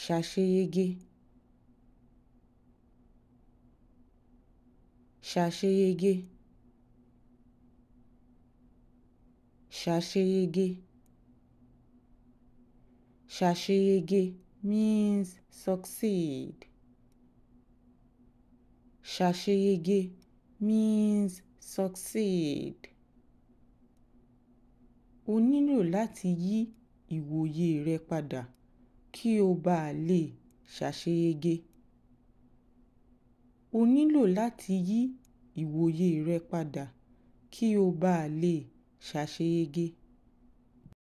ṣàṣeyege ṣàṣeyege ṣàṣeyege ṣàṣeyege means succeed ṣàṣeyege means succeed o nílò láti yí ìwòye rẹ padà kí o bàa lè ṣàṣeyege o nílò láti yí ìwòye rẹ padà kí o bàa lè ṣàṣeyege